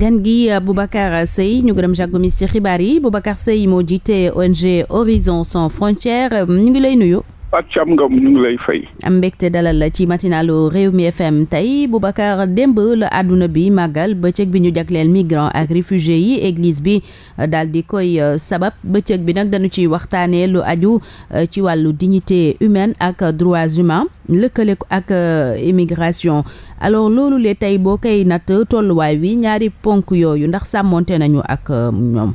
gan gi euh, Boubacar Seye ñu gërëm Jacques Gomis ci xibaar yi Boubacar Seye moo jiite ONG Horizon Sans Frontières ñu ngi lay nuyu ak cam ngam ñu ngi lay fay. am mbégte dalal la ci matinalu Rewmi FM tey Boubacar démb la àdduna bi màggal bëccëg bi ñu jagleel migrants ak réfugiés yi église bi euh, daal di koy euh, sabab bëccëg bi nag dañu ciy waxtaanee lu aju euh, ci wàllu dignité humaine ak droits humains lëkkale ko ak immigration alors loolu le tey boo koy natt tolluwaay wi ñaari ponk yooyu ndax sàmmoonte nañu ak ñoom.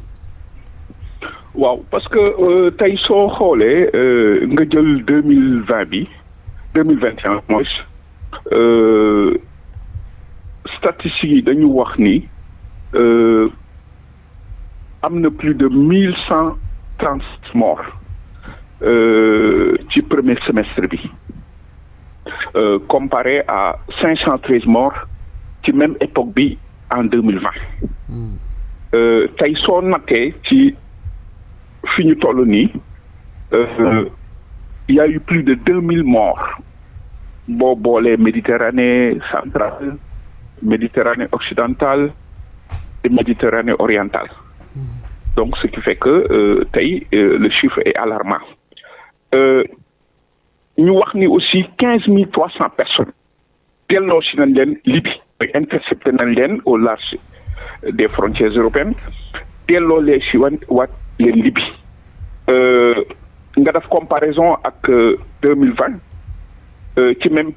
waaw parce que euh, tey soo xoolee euh, nga jël deux mille vingt bi deux mille vingt et un mooy euh, statistiques yi dañu wax ni am na plus de mille cent trente morts ci premier semestre bi euh, comparé à cinq cent morts ci même époque bi en deux mille vingt hmm. tey soo nattee ci fi ñu toll nii il euh, y a eu plus de deux mille morts boo boolee Méditerranée centrale Méditerranée occidentale et Méditerranée orientale donc ce qui fait que euh, tey euh, le chiffre est alarmant ñu wax ni aussi quinze mille trois cent personnes delloo si nañ leen Libye intercepté nañ leen au large des frontières européennes delloo lee si wan leen libi euh, nga def comparaison ak euh, deux mille vingt euh, ci même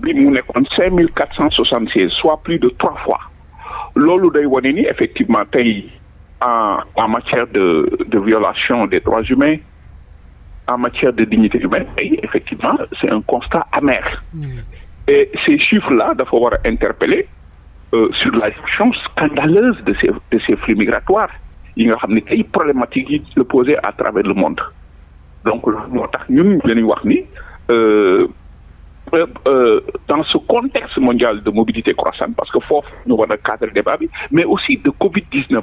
bi mu nekkoon cinq mille quatre cent soixante seize soit plus de trois fois loolu day wane ni effectivement tey en en matière de de violation des droits humains en matière de dignité humaine effectivement c'est un constat amer mm. et ces chiffres là dafa war a interpeller euh, sur la gestion scandaleuse de ces de ces flux migratoires yi nga xam ne ay problématiques yi se à travers le monde donc loolu moo tax ñun dañuy wax ni euh, euh, dans ce contexte mondial de mobilité croissante parce que foofu ñu war a cadre débat bi mais aussi de Covid 19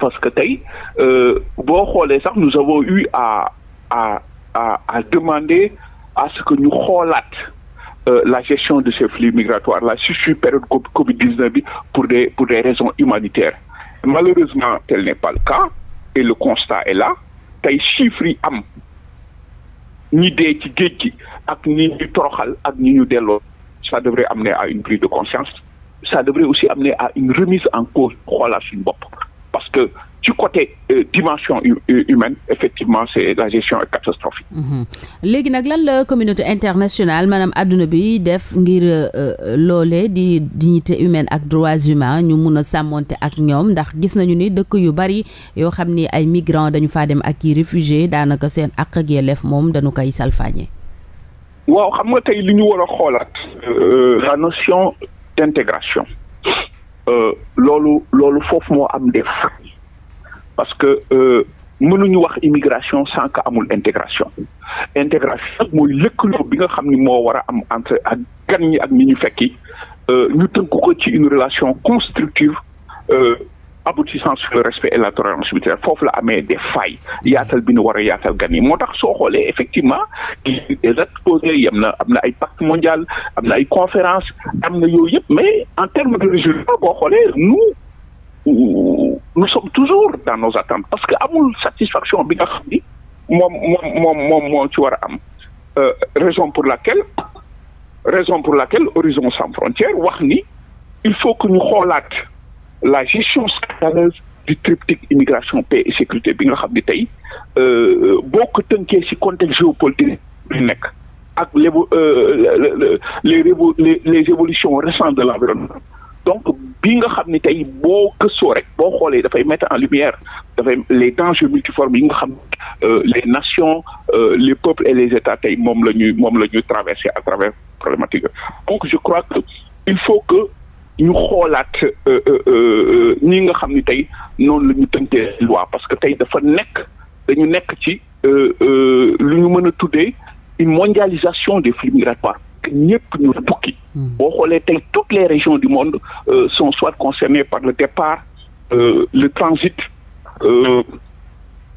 parce que tey euh, boo xoolee sax nous avons eu à à à à demander à ce que ñu xoolaat la gestion de ces flux migratoires là surtout période Covid-19 bi pour des pour des raisons humanitaires malheureusement tel n'est pas le cas et le constat est là tey chiffres yi am ñi dee ci géej gi ak ñi ñu toroxal ak ni ñu delloo ça devrait amener à une prise de conscience ça devrait aussi amener à une remise en cause xoolal suñu bopp parce que ci côté euh, dimension euh, humaine effectivement c'est la gestion est catastrophique. Mhm. léegi nag lan la communauté internationale maanaam àdduna bi def ngir euh, euh, loole di dignité humaine ak droits humains ñu mun a sàmmonte ak ñoom ndax gis nañu ni dëkk yu bari yoo xam ni ay migrants dañu faa dem ak i réfugiés daanaka seen àq ak yelleef moom dañu koy salfaañee. waaw xam nga tey li ñu war xoolaat la notion d'intégration loolu loolu foofu moo am def parce que euh, mënuñu wax immigration sans que amul intégration intégration mooy lëkkaloo bi nga xam ni moo war a am entre ak gan ñi ak ñi ñu fekki euh, ñu tënk ko ci une relation constructive euh, aboutissant sur le respect et la tolérance mutuelle foofu la amee des failles yaatal bi ñu war a yaatal gan yi moo tax soo xoolee effectivement des actes posés am na am na ay pacte mondial am na ay conférence am na yooyu yëpp mais en termes de résultat boo xoolee nous nous sommes toujours dans nos attentes parce que amul satisfaction bi nga xam ni moom moo ci war a am euh, raison pour laquelle raison pour laquelle Horizon sans frontières wax ni il faut que ñu xoolaat la gestion scandaleuse du triptyque immigration paix et sécurité bi nga xam ni tey euh, boo ko si ci contexte géopolitique bi nekk ak euh, les les les évolutions récentes de l'environnement donc bi nga xam ni tey boo gëstoo rek boo xoolee dafay mettre en lumière dafay les dangers multiformes yi nga xam euh, les nations euh, les peuples et les états tey moom la ñuy moom la ñuy traversé à travers problématique donc je crois que il faut que ñu xoolaat euh, ñi nga xam ni tey noonu la ñu tënkee loi parce que tey dafa nekk dañu nekk ci lu ñu mën a tuddee une mondialisation des flux migratoires Afrique ñëpp ñu tukki. Hmm. boo xoolee tey toutes les régions du monde euh, sont soit concernées par le départ euh, le transit euh,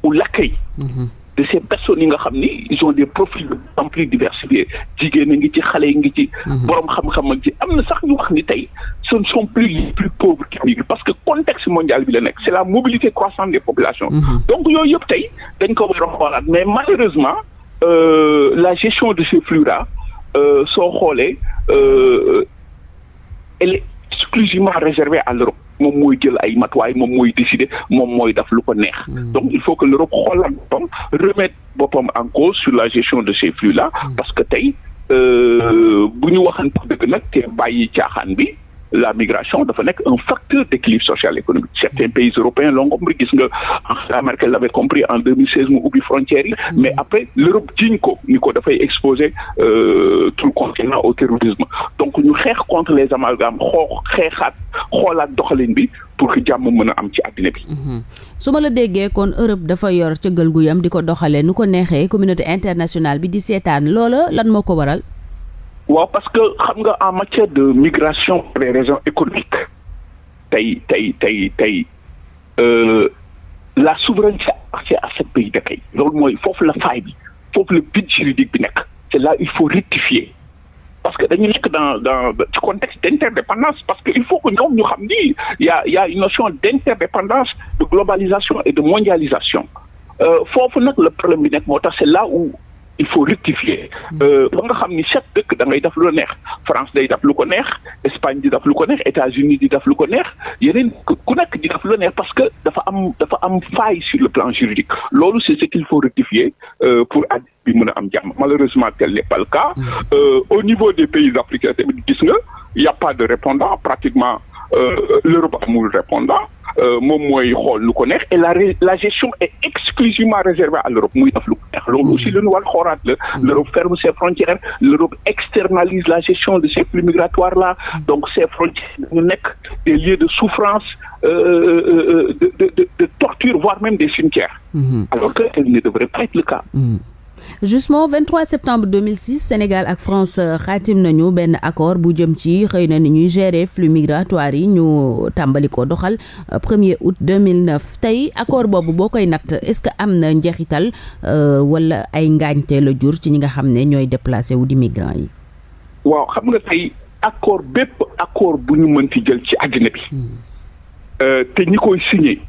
ou l'accueil hmm. de ces personnes yi nga xam ni ils ont des profils de plus en plus diversifiés jigéen a ngi ci xale yi ngi ci. Hmm. borom xam-xam ak ji am na sax ñu wax ni tey ce ne sont plus les plus pauvres que migrent parce que contexte mondial bi la nekk c' la mobilité croissante des populations. donc yooyu yëpp tey dañ ko war mais malheureusement euh, la gestion de ces flux Euh, soo xoolee euh, elle est exclusivement réservée à l'Europe moom mooy jël ay matuwaay moom mooy décider moom mooy daf lu ko neex. Hmm. donc il faut que l'Europe xoolaat boppam remettre boppam en cause sur la gestion de ces flux là. Hmm. parce que tey euh, bu ñu waxante dëgg nag te bàyyi caaxaan bi. la migration dafa nekk un facteur d'équilibre social et économique certains pays européens l'ont compris gis nga Angela Merkel l'avait compris en 2016 mu ubbi frontières yi mm. mais après l'Europe jiñ ko ni ko dafay exposer euh, tout le continent au terrorisme donc ñu xeex contre les amalgames xoo xeexaat xoolaat doxalin bi pour que jàmm mën a am ci àddina bi. Mm-hmm. su ma la déggee kon Europe dafa yor cëggal guyam di ko doxalee nu ko neexee communauté internationale bi di seetaan loola lan moo ko waral. waaw parce que xam nga en matière de migration pour des raisons économiques tey tey tey tey euh, la souveraineté appartient à ce pays d'accueil loolu mooy foofu la bi foofu le vide juridique bi nekk c'est là il faut rectifier parce que dañu nekk dans dans ci contexte d'interdépendance parce que il faut que ñoom ñu xam ni y a y a une notion d'interdépendance de globalisation et de mondialisation euh, foofu nag le problème bi nekk moo tax c'est là où il faut rectifier mm. euh, ba nga xam ni chaque dëkk da ngay def lu la neex France day def lu ko neex Espagne di def lu ko neex États-Unis di def lu ko neex yeneen ku nekk di def lu la parce que dafa am dafa am faille sur le plan juridique loolu c'est ce qu'il faut rectifier euh, pour at bi mën a am jàmm malheureusement tel n'est pas le cas mm. euh, au niveau des pays africains tamit gis nga y a pas de répondant pratiquement Euh, l'Europe amul répondant euh, moom mooy xool lu ko neex et la la gestion est exclusivement réservée à l'Europe muy def lu ko neex loolu aussi la ñu war xooraat la l'Europe ferme ses frontières l'Europe externalise la gestion de ces flux migratoires là donc ces frontières dañu nekk des lieux de souffrance euh, de de voire même des cimetières mm-hmm. alors que ne devrait pas être le cas mm-hmm. justement 23 septembre 2006 Sénégal ak France euh, xaatim nañu benn accord bu jëm ci xëy na ni ñuy gérer flux migratoire yi ñu tàmbali ko doxal 1er euh, août 2009 tey accord boobu boo koy natt est-ce que am na njeexital euh, walla ay ngaañte la jur ci ñi nga xam ne ñooy déplacé wu di migrants yi. waaw xam nga tey accord bépp accord bu ñu mën jël ci àddina bi. Hmm. te ñi koy signé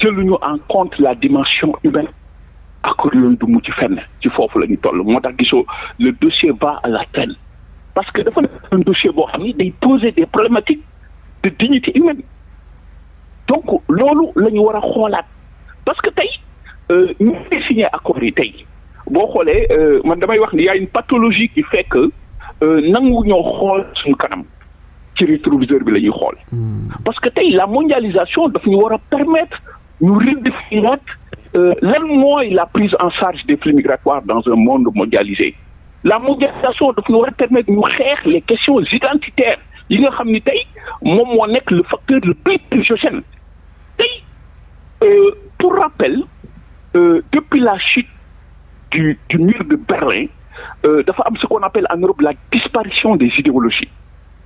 jëluñu en compte la dimension humaine. accordéon du mu ci fenn ci foofu la ñu toll moo tax gisoo le dossier va à la traîne parce que dafa nekk dossier boo xam ni day poser des problématiques de dignité humaine donc loolu la ñu war a xoolaat parce que tey euh, ñu ngi signé accord yi tey boo xoolee euh, man damay wax ni y a une pathologie qui fait que euh, nangu ñoo xool suñu kanam ci rétroviseur bi la ñuy xool hmm. parce que tey la mondialisation daf ñu war a ñu redéfinir Euh, lan mooy la prise en charge des flux migratoires dans un monde mondialisé la mondialisation daf ñu war a permettre ñu xeex les questions identitaires yi nga xam ni tey moom moo nekk le facteur le plus exogène tey euh, pour rappel euh, depuis la chute du mur de Berlin dafa am ce qu'on appelle en Europe la disparition des idéologies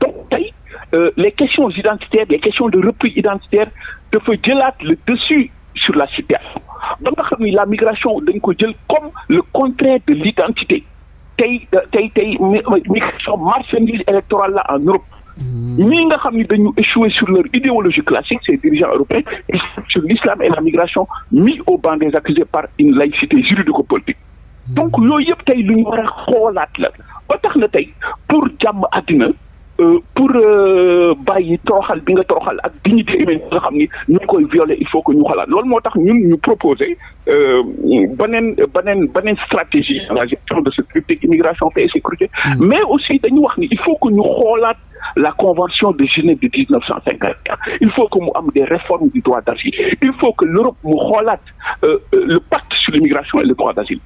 donc tey euh, les questions identitaires les questions de repli identitaire dafa jëlaat le dessus sur la situation ba nga xam ni la migration dañ ko jël comme le contraire de l'identité tey tey tey migration marchandise électorale la en Europe hmm. ñii nga xam ni dañu échoué sur leur idéologie classique ces dirigeants européens et sur l'islam et la migration mis au banc des accusés par une laïcité juridico-politique hmm. donc yooyu yëpp tey lu ñu war a xoolaat la ba tax na tey pour jàmm addina euh, pour euh, yi toroxal bi nga toroxal ak dignité humaine bi nga xam ni ñu koy violer il faut que ñu xalaat loolu moo tax ñun ñu proposer euh, beneen beneen beneen stratégie la gestion de sécurité immigration paix sécurité mais aussi dañu wax ni il faut que ñu xoolaat la convention de Genève de dix neuf cent cinquante et il faut que mu am des réformes du droit d'asile il faut que l'Europe mu xoolaat euh, euh, le pacte sur l'immigration et le droit d'asile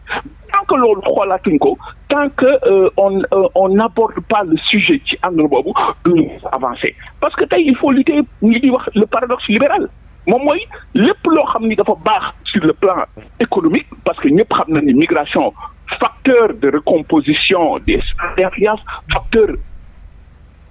que loolu xoolaatuñ ko tant que euh, on euh, on n'aborde pas le sujet ci angle boobu duñu avancer parce que tey il faut lutter li ñuy wax le paradoxe libéral moom mooy lépp loo xam ni dafa baax sur le plan économique parce que ñëpp xam na ni migration facteur de recomposition des alliances facteur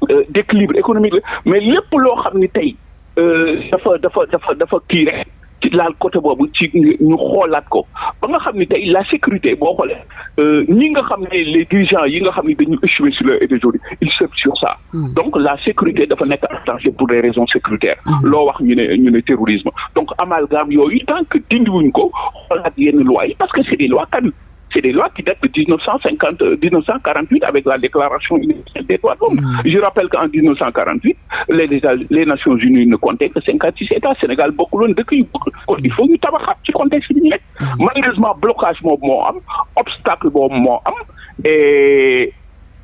euh, d'équilibre économique la mais lépp loo xam ni tey euh, dafa dafa dafa dafa kii rek ci laal côté boobu ci ñu xoolaat ko ba nga xam ni tey la sécurité boo xoolee euh, ñi nga xam ne les dirigeants yi nga xam ni dañu échoué sur le aujourd'hui ils surfent sur ça. Hmm. donc la sécurité dafa nekk en danger pour des raisons sécuritaires. Hmm. loo wax ñu ne ñu ne terrorisme donc amalgame yooyu tant que dindiwuñ ko xoolaat yenn lois yi parce que c'est des lois caduques. c'est des lois qui datent de 1950, 1948 euh, avec la déclaration universelle des droits de l'homme. Mmh. Je rappelle qu'en 1948, les, les, les, Nations Unies ne comptaient que 56 États. Sénégal beaucoup loon dëkk yu bëgg il faut ñu tabaxaat ci contexte bi ñu nekk. Mm. malheureusement blocage boobu moo am obstacle boobu moo am et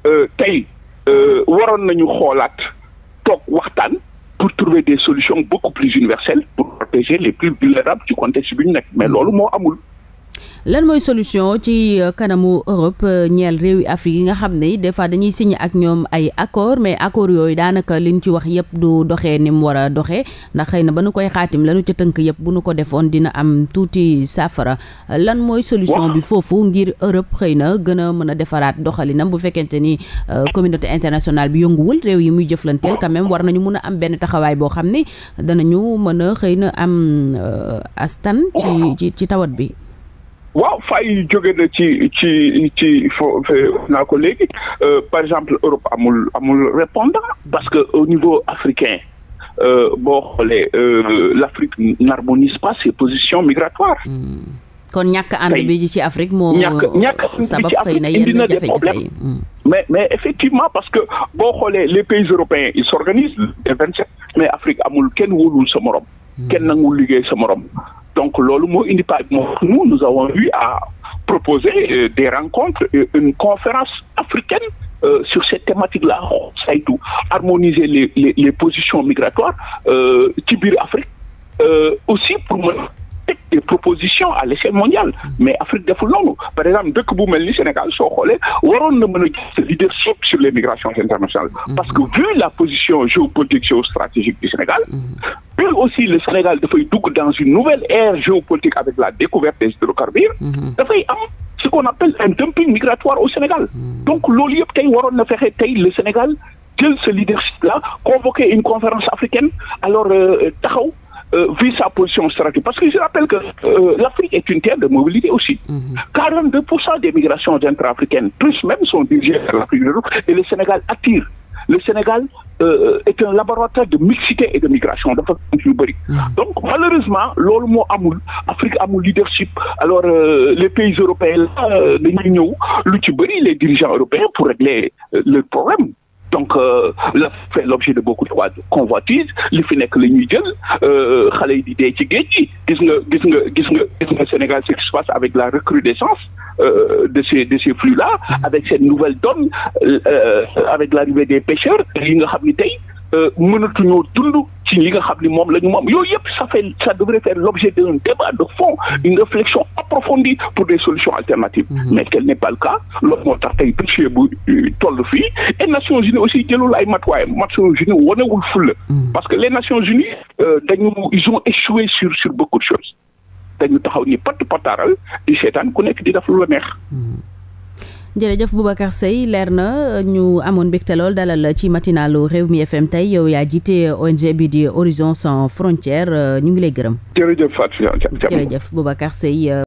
euh, tey euh, na nañu xoolaat toog waxtaan. pour trouver des solutions beaucoup plus pour protéger les plus bi ñu nekk mais mm. loolu moo amul lan mooy solution ci euh, kanamu Europe euh, ñeel réew yi Afrique yi nga xam ne des fois dañuy signé ak ñoom ay accord mais accord yooyu daanaka li ñu ci wax yëpp du doxee ni mu war a doxee ndax xëy na ba nu koy xaatim lanu ci tënk yëpp bu nu ko defoon dina am tuuti saafara lan mooy solution bi foofu ngir Europe xëy na gën a mën a defaraat doxalinam bu fekkente ni euh, communauté internationale bi yënguwul réew yi muy jëflanteel quand même war nañu mun a am benn taxawaay boo xam ne danañu mën a xëy na am astan ci tawat bi waaw fay yi jóge na ci ci ci fo naa euh, par exemple Europe amul amul répondant parce que au niveau africain euh, boo xoolee euh, l'Afrique n'harmonise pas ses positions migratoires. Hmm. kon ñàkk ànd bi ci Afrique moo. ñàkk ñàkk sabab xëy na yenn jafe-jafe hmm. mais mais effectivement parce que boo xoolee les pays européens ils s'organisent mais Afrique amul kenn wóolul sa morom. Hmm. kenn nangu liggéey sa morom. donc loolu moo indi par exemple nous nous avons eu à proposer euh, des rencontres une conférence africaine euh, sur cette thématique-là saytu harmoniser les, les les positions migratoires euh, ci biir Afrique euh, aussi pour mën des propositions à l'échelle mondiale mais Afrique deful loolu par exemple dëkk bu mel ni Sénégal soo xoolee waroon na mën a gis leadership sur les migrations internationales parce que vu la position géopolitique géostratégique du Sénégal plus aussi le Sénégal dafay dugg dans une nouvelle ère géopolitique avec la découverte des hydrocarbures mhm. dafay am ce mhm. donc loolu yëpp tey waroon na fexe tey le Sénégal jël ce leadership là convoquer une conférence africaine alors euh, taxaw euh, vu sa position stratégique parce que je rappelle que euh, l'Afrique est aussi mhm. pour cent des migrations intra-africaines plus même sont dirigées vers le Sénégal euh, est un laboratoire de mixité et de migration yu bëri hmm. donc malheureusement loolu moo amul Afrique amul leadership alors euh, les pays européens la euh, dañuy ñëw lu ci bëri les dirigeants européens pour régler euh, les problèmes donc euh, la fait l'objet de beaucoup de convoitises li fi nekk la ñuy jël euh, xale yi di ci géej gis nga gis nga gis nga gis nga Sénégal ce qui se passe avec la recrudescence euh, de ces de ces flux là avec cette nouvelle donne avec l'arrivée des pêcheurs yi nga xam ni tey Euh, mënatuñoo dund ci li nga xam ni moom la ñu moom yooyu yëpp ça fait ça devrait faire l'objet d'un débat de fond une réflexion approfondie pour des solutions alternatives mmh. mais tel n'est pas le cas loolu moo tax tey péché bu euh, toll fii et Nations Unies aussi jëlul ay matuwaayam Nations Unies wanewul fulla mm-hmm. parce que les Nations Unies euh, dañu ils ont échoué sur sur beaucoup de choses dañu taxaw ni patt pataaral di seetaan ku nekk di def lu la neex mm-hmm. jërëjëf Boubacar Seye leer na ñu amoon mbégte lool dalal ci matinalu réew mi FM tey yow yaa jiite ONG bi di Horizon Sans Frontières ñu ngi lay gërëm. jërëjëf Fatou jërëjëf Boubacar Seye.